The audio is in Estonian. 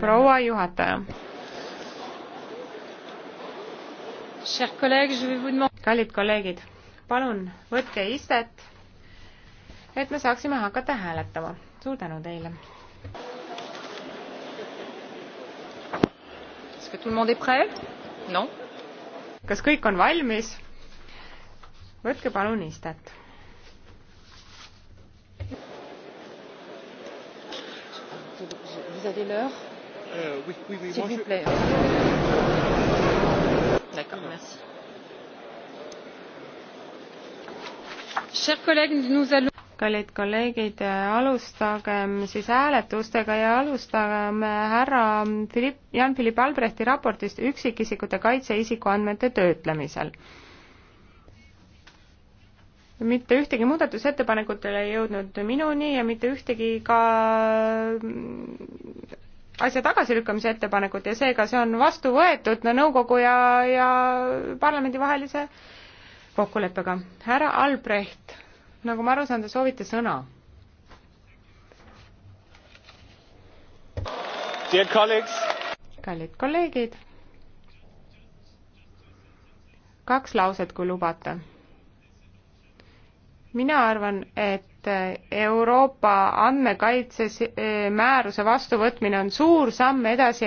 proua juhataja. kallid kolleegid, palun võtke istet, et me saaksime hakata hääletama. suur tänu teile. kas kõik on valmis? võtke palun istet vous avez l'heure euh, s'il vous plaît. chers collègues nous allons kallid kolleegid, alustagem siis hääletustega ja alustagem härra Philipp, Jan-Philipp Albrechti raportist üksikisikute kaitse isikuandmete töötlemisel mitte ühtegi muudatusettepanekut ei jõudnud minuni ja mitte ühtegi ka asja tagasilükkamise ettepanekut ja seega see on vastu võetud no, nõukogu ja, ja parlamendi vahelise kokkuleppega. härra Albrecht, nagu ma aru saan, te soovite sõna? kallid kolleegid, kaks lauset, kui lubate mina arvan, et Euroopa andmekaitse eh, määruse vastuvõtmine on suur samm edasi